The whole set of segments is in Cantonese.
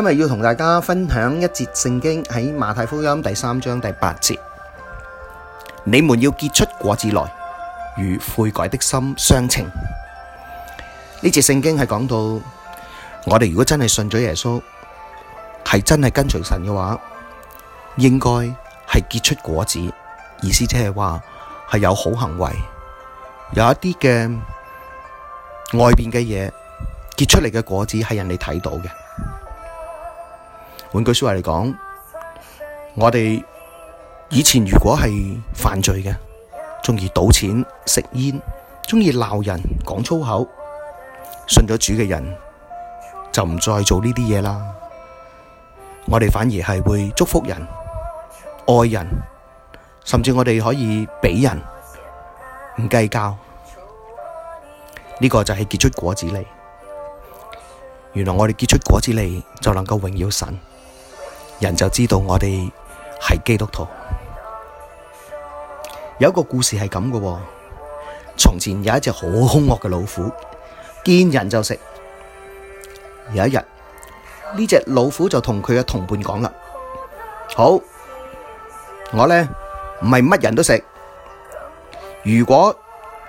今日要同大家分享一節聖經喺馬太福音第三章第八節，你們要結出果子來，與悔改的心相稱。呢節聖經係講到，我哋如果真係信咗耶穌，係真係跟隨神嘅話，應該係結出果子，意思即係話係有好行為，有一啲嘅外邊嘅嘢結出嚟嘅果子係人哋睇到嘅。換句話來說話嚟講，我哋以前如果係犯罪嘅，中意賭錢、食煙、中意鬧人、講粗口，信咗主嘅人就唔再做呢啲嘢啦。我哋反而係會祝福人、愛人，甚至我哋可以畀人唔計較。呢、這個就係結出果子嚟。原來我哋結出果子嚟就能夠榮耀神。人就知道我哋係基督徒。有一個故事係咁嘅，從前有一隻好兇惡嘅老虎，見人就食。有一日，呢隻老虎就同佢嘅同伴講啦：「好，我呢，唔係乜人都食，如果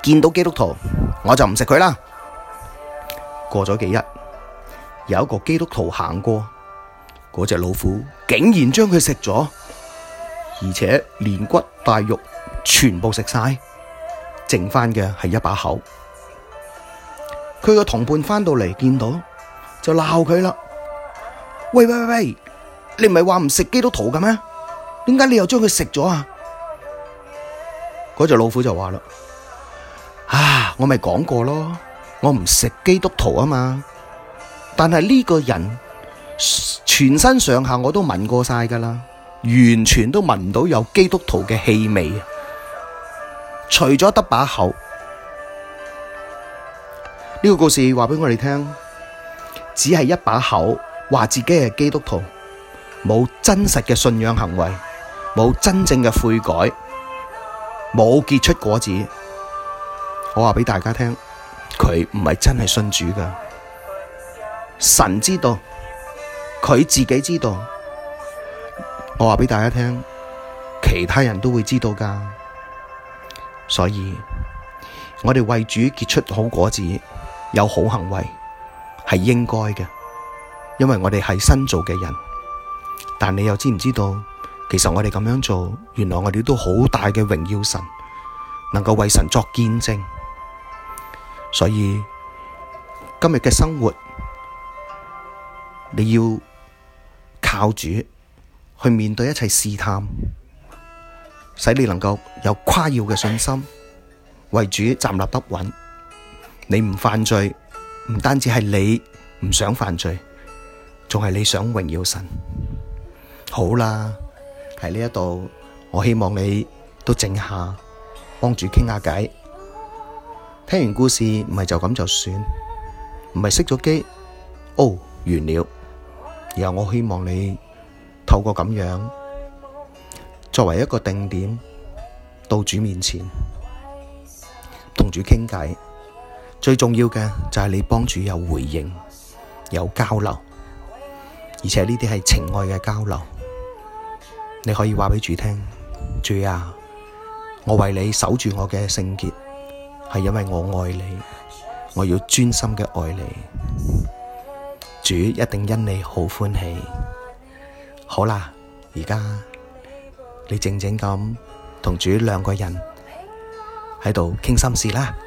見到基督徒，我就唔食佢啦。過咗幾日，有一個基督徒行過。嗰隻老虎竟然將佢食咗，而且連骨帶肉全部食晒，剩翻嘅係一把口。佢個同伴翻到嚟見到就鬧佢啦：喂喂喂，你唔係話唔食基督徒嘅咩？點解你又將佢食咗啊？嗰隻老虎就話啦：啊，我咪講過咯，我唔食基督徒啊嘛，但係呢個人。全身上下我都聞過晒噶啦，完全都聞唔到有基督徒嘅氣味，除咗得把口。呢個故事話畀我哋聽，只係一把口，話自己係基督徒，冇真實嘅信仰行為，冇真正嘅悔改，冇結出果子。我話畀大家聽，佢唔係真係信主噶，神知道。佢自己知道，我話畀大家聽，其他人都會知道㗎。所以，我哋為主結出好果子，有好行為，係應該嘅。因為我哋係新造嘅人，但你又知唔知道？其實我哋咁樣做，原來我哋都好大嘅榮耀神，能夠為神作見證。所以，今日嘅生活，你要。靠主去面對一切試探，使你能夠有誇耀嘅信心，為主站立得穩。你唔犯罪，唔單止係你唔想犯罪，仲係你想榮耀神。好啦，喺呢一度，我希望你都靜下，幫主傾下偈。聽完故事唔係就咁就算，唔係熄咗機，哦，完了。然後我希望你透過咁樣作為一個定點到主面前，同主傾偈，最重要嘅就係你幫主有回應，有交流，而且呢啲係情愛嘅交流。你可以話畀主聽，主啊，我為你守住我嘅聖潔，係因為我愛你，我要專心嘅愛你。主一定因你好歡喜，好啦，而家你靜靜咁同主兩個人喺度傾心事啦。